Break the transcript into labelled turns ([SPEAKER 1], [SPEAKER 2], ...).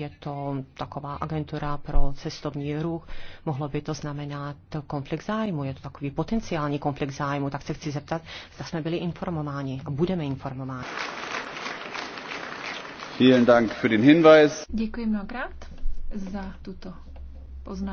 [SPEAKER 1] je to taková agentura pro cestovní ruch, mohlo by to znamenat konflikt zájmu, je to takový potenciální konflikt zájmu, tak se chci zeptat, zda jsme byli informováni a budeme informováni.
[SPEAKER 2] Vielen Dank für den Hinweis.
[SPEAKER 3] Děkuji mnohokrát za tuto poznámku.